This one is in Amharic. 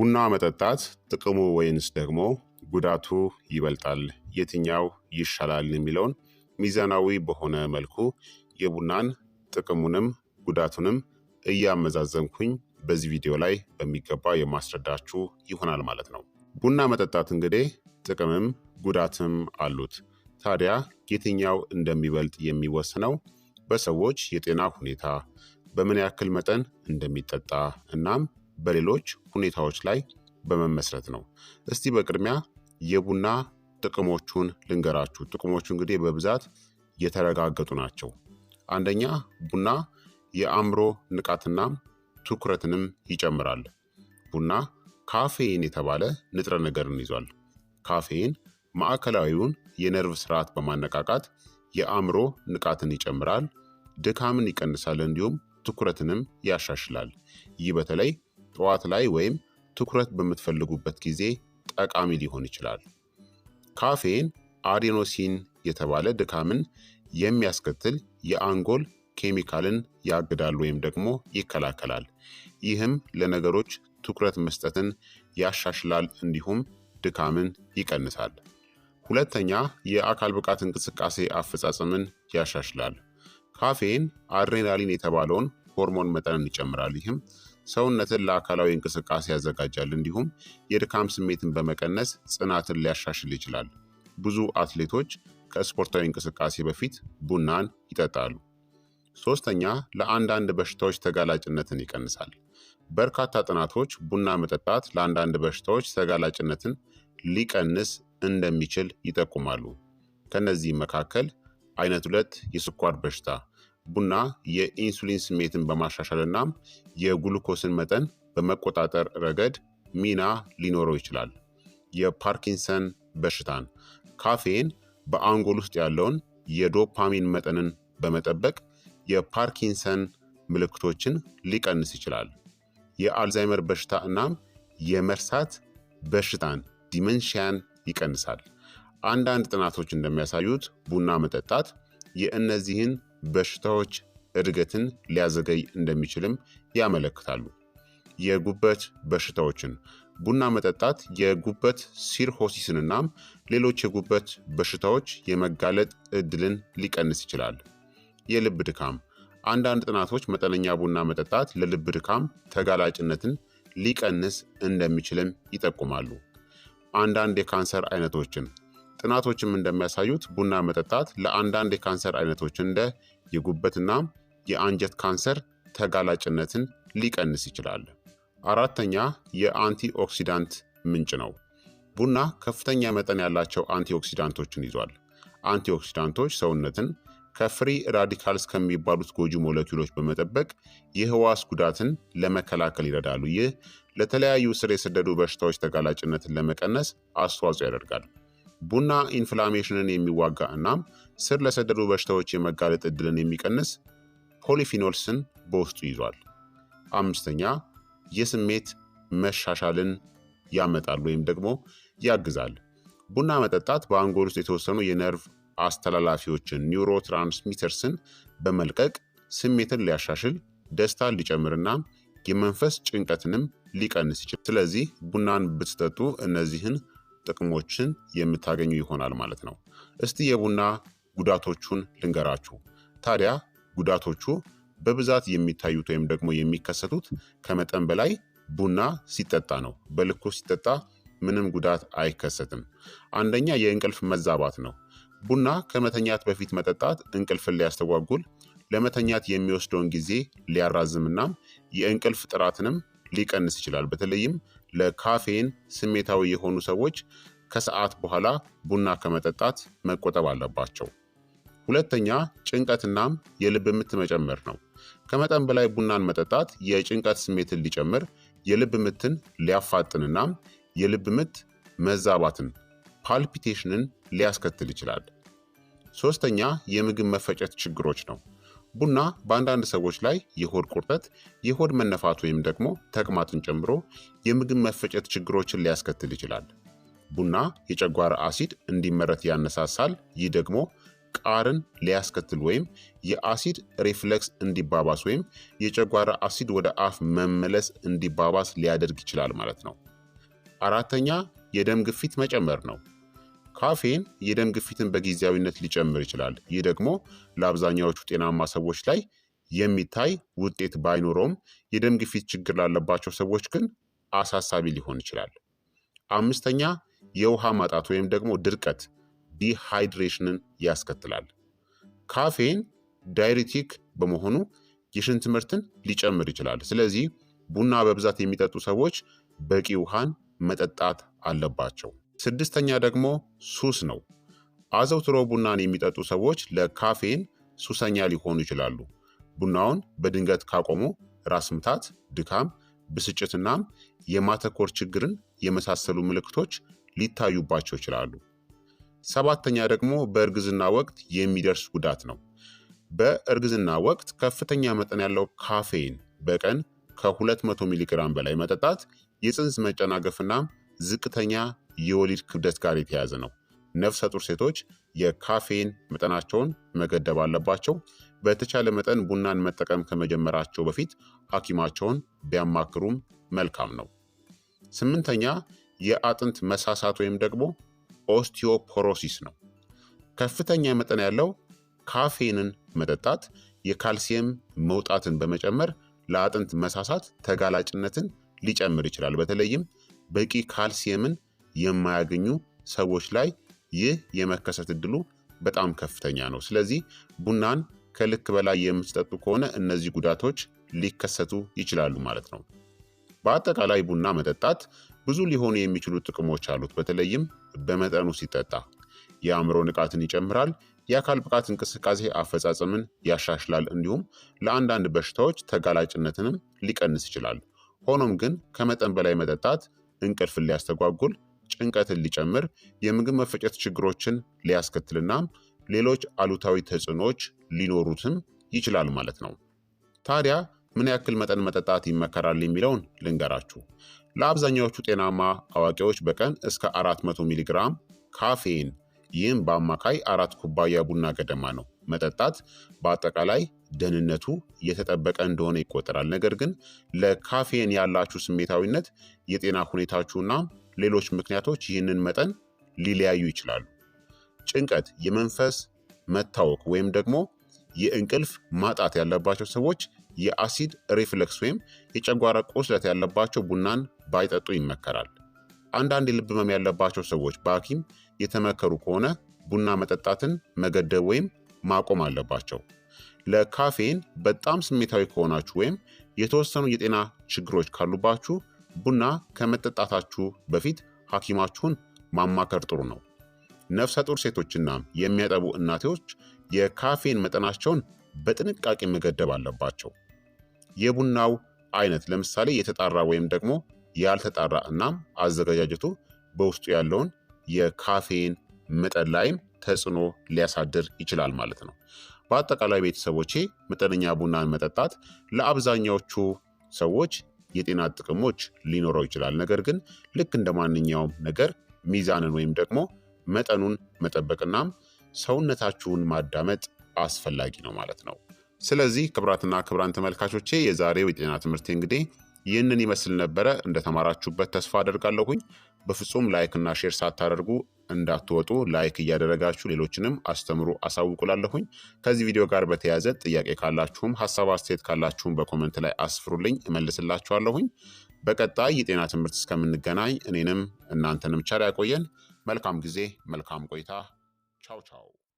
ቡና መጠጣት ጥቅሙ ወይንስ ደግሞ ጉዳቱ ይበልጣል? የትኛው ይሻላል? የሚለውን ሚዛናዊ በሆነ መልኩ የቡናን ጥቅሙንም ጉዳቱንም እያመዛዘንኩኝ በዚህ ቪዲዮ ላይ በሚገባ የማስረዳችሁ ይሆናል ማለት ነው። ቡና መጠጣት እንግዲህ ጥቅምም ጉዳትም አሉት። ታዲያ የትኛው እንደሚበልጥ የሚወስነው በሰዎች የጤና ሁኔታ፣ በምን ያክል መጠን እንደሚጠጣ እናም በሌሎች ሁኔታዎች ላይ በመመስረት ነው። እስቲ በቅድሚያ የቡና ጥቅሞቹን ልንገራችሁ። ጥቅሞቹ እንግዲህ በብዛት የተረጋገጡ ናቸው። አንደኛ ቡና የአእምሮ ንቃትና ትኩረትንም ይጨምራል። ቡና ካፌን የተባለ ንጥረ ነገርን ይዟል። ካፌን ማዕከላዊውን የነርቭ ስርዓት በማነቃቃት የአእምሮ ንቃትን ይጨምራል፣ ድካምን ይቀንሳል፣ እንዲሁም ትኩረትንም ያሻሽላል። ይህ በተለይ ጠዋት ላይ ወይም ትኩረት በምትፈልጉበት ጊዜ ጠቃሚ ሊሆን ይችላል። ካፌን አዴኖሲን የተባለ ድካምን የሚያስከትል የአንጎል ኬሚካልን ያግዳል ወይም ደግሞ ይከላከላል። ይህም ለነገሮች ትኩረት መስጠትን ያሻሽላል፣ እንዲሁም ድካምን ይቀንሳል። ሁለተኛ የአካል ብቃት እንቅስቃሴ አፈጻጸምን ያሻሽላል። ካፌን አድሬናሊን የተባለውን ሆርሞን መጠንን ይጨምራል። ይህም ሰውነትን ለአካላዊ እንቅስቃሴ ያዘጋጃል፣ እንዲሁም የድካም ስሜትን በመቀነስ ጽናትን ሊያሻሽል ይችላል። ብዙ አትሌቶች ከስፖርታዊ እንቅስቃሴ በፊት ቡናን ይጠጣሉ። ሶስተኛ ለአንዳንድ በሽታዎች ተጋላጭነትን ይቀንሳል። በርካታ ጥናቶች ቡና መጠጣት ለአንዳንድ በሽታዎች ተጋላጭነትን ሊቀንስ እንደሚችል ይጠቁማሉ። ከነዚህም መካከል አይነት ሁለት የስኳር በሽታ ቡና የኢንሱሊን ስሜትን በማሻሻልና የጉልኮስን መጠን በመቆጣጠር ረገድ ሚና ሊኖረው ይችላል። የፓርኪንሰን በሽታን ካፌን በአንጎል ውስጥ ያለውን የዶፓሚን መጠንን በመጠበቅ የፓርኪንሰን ምልክቶችን ሊቀንስ ይችላል። የአልዛይመር በሽታ እናም የመርሳት በሽታን ዲመንሽያን ይቀንሳል። አንዳንድ ጥናቶች እንደሚያሳዩት ቡና መጠጣት የእነዚህን በሽታዎች እድገትን ሊያዘገይ እንደሚችልም ያመለክታሉ። የጉበት በሽታዎችን ቡና መጠጣት የጉበት ሲርሆሲስንና ሌሎች የጉበት በሽታዎች የመጋለጥ እድልን ሊቀንስ ይችላል። የልብ ድካም አንዳንድ ጥናቶች መጠነኛ ቡና መጠጣት ለልብ ድካም ተጋላጭነትን ሊቀንስ እንደሚችልም ይጠቁማሉ። አንዳንድ የካንሰር አይነቶችን ጥናቶችም እንደሚያሳዩት ቡና መጠጣት ለአንዳንድ የካንሰር አይነቶች እንደ የጉበትና የአንጀት ካንሰር ተጋላጭነትን ሊቀንስ ይችላል። አራተኛ የአንቲ ኦክሲዳንት ምንጭ ነው። ቡና ከፍተኛ መጠን ያላቸው አንቲ ኦክሲዳንቶችን ይዟል። አንቲ ኦክሲዳንቶች ሰውነትን ከፍሪ ራዲካልስ ከሚባሉት ጎጂ ሞለኪውሎች በመጠበቅ የህዋስ ጉዳትን ለመከላከል ይረዳሉ። ይህ ለተለያዩ ስር የሰደዱ በሽታዎች ተጋላጭነትን ለመቀነስ አስተዋጽኦ ያደርጋል። ቡና ኢንፍላሜሽንን የሚዋጋ እናም ስር ለሰደዱ በሽታዎች የመጋለጥ እድልን የሚቀንስ ፖሊፊኖልስን በውስጡ ይዟል። አምስተኛ የስሜት መሻሻልን ያመጣል ወይም ደግሞ ያግዛል። ቡና መጠጣት በአንጎል ውስጥ የተወሰኑ የነርቭ አስተላላፊዎችን ኒውሮ ትራንስሚተርስን በመልቀቅ ስሜትን ሊያሻሽል፣ ደስታን ሊጨምርና የመንፈስ ጭንቀትንም ሊቀንስ ይችላል። ስለዚህ ቡናን ብትጠጡ እነዚህን ጥቅሞችን የምታገኙ ይሆናል ማለት ነው። እስቲ የቡና ጉዳቶቹን ልንገራችሁ። ታዲያ ጉዳቶቹ በብዛት የሚታዩት ወይም ደግሞ የሚከሰቱት ከመጠን በላይ ቡና ሲጠጣ ነው። በልኩ ሲጠጣ ምንም ጉዳት አይከሰትም። አንደኛ የእንቅልፍ መዛባት ነው። ቡና ከመተኛት በፊት መጠጣት እንቅልፍን ሊያስተጓጉል፣ ለመተኛት የሚወስደውን ጊዜ ሊያራዝምናም የእንቅልፍ ጥራትንም ሊቀንስ ይችላል። በተለይም ለካፌን ስሜታዊ የሆኑ ሰዎች ከሰዓት በኋላ ቡና ከመጠጣት መቆጠብ አለባቸው። ሁለተኛ ጭንቀትናም የልብ ምት መጨመር ነው። ከመጠን በላይ ቡናን መጠጣት የጭንቀት ስሜትን ሊጨምር፣ የልብ ምትን ሊያፋጥንናም የልብ ምት መዛባትን ፓልፒቴሽንን ሊያስከትል ይችላል። ሶስተኛ የምግብ መፈጨት ችግሮች ነው። ቡና በአንዳንድ ሰዎች ላይ የሆድ ቁርጠት፣ የሆድ መነፋት ወይም ደግሞ ተቅማትን ጨምሮ የምግብ መፈጨት ችግሮችን ሊያስከትል ይችላል። ቡና የጨጓራ አሲድ እንዲመረት ያነሳሳል። ይህ ደግሞ ቃርን ሊያስከትል ወይም የአሲድ ሪፍሌክስ እንዲባባስ ወይም የጨጓራ አሲድ ወደ አፍ መመለስ እንዲባባስ ሊያደርግ ይችላል ማለት ነው። አራተኛ የደም ግፊት መጨመር ነው። ካፌን የደም ግፊትን በጊዜያዊነት ሊጨምር ይችላል። ይህ ደግሞ ለአብዛኛዎቹ ጤናማ ሰዎች ላይ የሚታይ ውጤት ባይኖረውም የደም ግፊት ችግር ላለባቸው ሰዎች ግን አሳሳቢ ሊሆን ይችላል። አምስተኛ የውሃ ማጣት ወይም ደግሞ ድርቀት ዲሃይድሬሽንን ያስከትላል። ካፌን ዳይሪቲክ በመሆኑ የሽንት ምርትን ሊጨምር ይችላል። ስለዚህ ቡና በብዛት የሚጠጡ ሰዎች በቂ ውሃን መጠጣት አለባቸው። ስድስተኛ ደግሞ ሱስ ነው። አዘውትሮ ቡናን የሚጠጡ ሰዎች ለካፌን ሱሰኛ ሊሆኑ ይችላሉ። ቡናውን በድንገት ካቆሙ ራስ ምታት፣ ድካም፣ ብስጭትናም የማተኮር ችግርን የመሳሰሉ ምልክቶች ሊታዩባቸው ይችላሉ። ሰባተኛ ደግሞ በእርግዝና ወቅት የሚደርስ ጉዳት ነው። በእርግዝና ወቅት ከፍተኛ መጠን ያለው ካፌን በቀን ከ200 ሚሊ ግራም በላይ መጠጣት የፅንስ መጨናገፍና ዝቅተኛ የወሊድ ክብደት ጋር የተያያዘ ነው። ነፍሰ ጡር ሴቶች የካፌን መጠናቸውን መገደብ አለባቸው። በተቻለ መጠን ቡናን መጠቀም ከመጀመራቸው በፊት ሐኪማቸውን ቢያማክሩም መልካም ነው። ስምንተኛ የአጥንት መሳሳት ወይም ደግሞ ኦስቲዮፖሮሲስ ነው። ከፍተኛ መጠን ያለው ካፌንን መጠጣት የካልሲየም መውጣትን በመጨመር ለአጥንት መሳሳት ተጋላጭነትን ሊጨምር ይችላል። በተለይም በቂ ካልሲየምን የማያገኙ ሰዎች ላይ ይህ የመከሰት እድሉ በጣም ከፍተኛ ነው። ስለዚህ ቡናን ከልክ በላይ የምትጠጡ ከሆነ እነዚህ ጉዳቶች ሊከሰቱ ይችላሉ ማለት ነው። በአጠቃላይ ቡና መጠጣት ብዙ ሊሆኑ የሚችሉ ጥቅሞች አሉት። በተለይም በመጠኑ ሲጠጣ የአእምሮ ንቃትን ይጨምራል፣ የአካል ብቃት እንቅስቃሴ አፈጻጸምን ያሻሽላል፣ እንዲሁም ለአንዳንድ በሽታዎች ተጋላጭነትንም ሊቀንስ ይችላል። ሆኖም ግን ከመጠን በላይ መጠጣት እንቅልፍን ሊያስተጓጉል ጭንቀትን ሊጨምር፣ የምግብ መፈጨት ችግሮችን ሊያስከትልና ሌሎች አሉታዊ ተጽዕኖዎች ሊኖሩትም ይችላል ማለት ነው። ታዲያ ምን ያክል መጠን መጠጣት ይመከራል የሚለውን ልንገራችሁ። ለአብዛኛዎቹ ጤናማ አዋቂዎች በቀን እስከ 400 ሚሊግራም ካፌን ይህም በአማካይ አራት ኩባያ ቡና ገደማ ነው መጠጣት በአጠቃላይ ደህንነቱ የተጠበቀ እንደሆነ ይቆጠራል። ነገር ግን ለካፌን ያላችሁ ስሜታዊነት የጤና ሁኔታችሁና ሌሎች ምክንያቶች ይህንን መጠን ሊለያዩ ይችላሉ። ጭንቀት፣ የመንፈስ መታወክ ወይም ደግሞ የእንቅልፍ ማጣት ያለባቸው ሰዎች የአሲድ ሪፍለክስ ወይም የጨጓራ ቁስለት ያለባቸው ቡናን ባይጠጡ ይመከራል። አንዳንድ የልብ ህመም ያለባቸው ሰዎች በሐኪም የተመከሩ ከሆነ ቡና መጠጣትን መገደብ ወይም ማቆም አለባቸው። ለካፌን በጣም ስሜታዊ ከሆናችሁ ወይም የተወሰኑ የጤና ችግሮች ካሉባችሁ ቡና ከመጠጣታችሁ በፊት ሐኪማችሁን ማማከር ጥሩ ነው። ነፍሰ ጡር ሴቶችና የሚያጠቡ እናቶች የካፌን መጠናቸውን በጥንቃቄ መገደብ አለባቸው። የቡናው አይነት ለምሳሌ የተጣራ ወይም ደግሞ ያልተጣራ እናም አዘገጃጀቱ በውስጡ ያለውን የካፌን መጠን ላይም ተጽዕኖ ሊያሳድር ይችላል ማለት ነው። በአጠቃላይ ቤተሰቦቼ መጠነኛ ቡናን መጠጣት ለአብዛኛዎቹ ሰዎች የጤና ጥቅሞች ሊኖረው ይችላል። ነገር ግን ልክ እንደ ማንኛውም ነገር ሚዛንን ወይም ደግሞ መጠኑን መጠበቅናም ሰውነታችሁን ማዳመጥ አስፈላጊ ነው ማለት ነው። ስለዚህ ክብራትና ክብራን ተመልካቾቼ የዛሬው የጤና ትምህርቴ እንግዲህ ይህንን ይመስል ነበረ። እንደተማራችሁበት ተስፋ አደርጋለሁኝ። በፍጹም ላይክና ሼር ሳታደርጉ እንዳትወጡ ላይክ እያደረጋችሁ ሌሎችንም አስተምሩ አሳውቁላለሁኝ። ከዚህ ቪዲዮ ጋር በተያያዘ ጥያቄ ካላችሁም ሀሳብ አስተያየት ካላችሁም በኮመንት ላይ አስፍሩልኝ እመልስላችኋለሁኝ። በቀጣይ የጤና ትምህርት እስከምንገናኝ እኔንም እናንተንም ቸር ያቆየን። መልካም ጊዜ፣ መልካም ቆይታ። ቻው ቻው